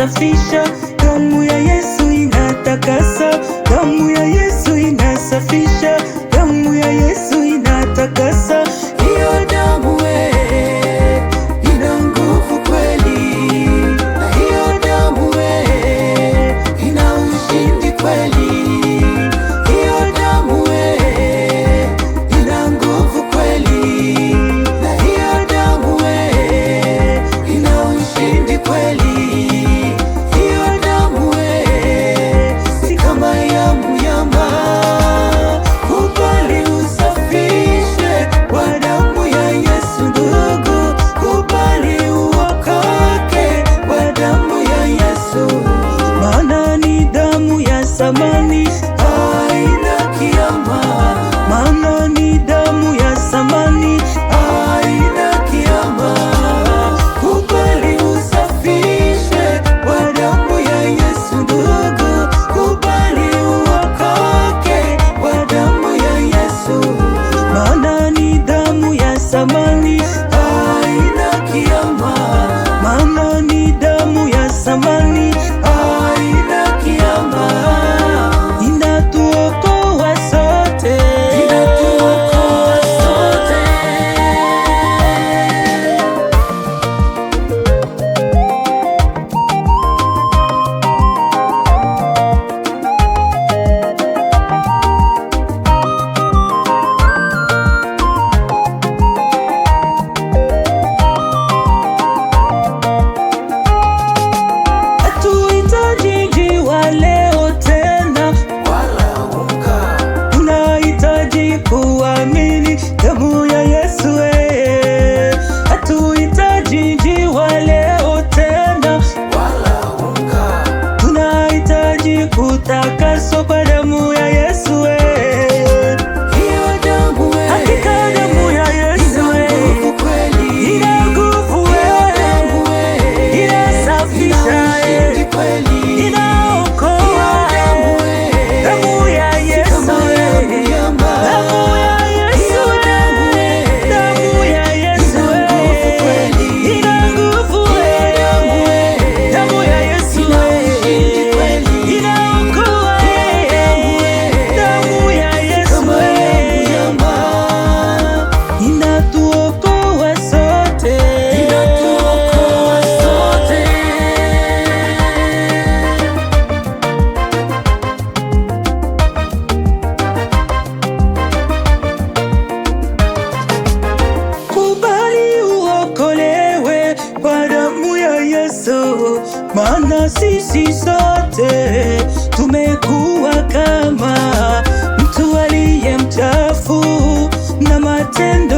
inasafisha, damu ya Yesu inatakasa, damu ya Yesu inasafisha acaso para muy maana sisi sote tumekuwa kama mtu aliye mchafu na matendo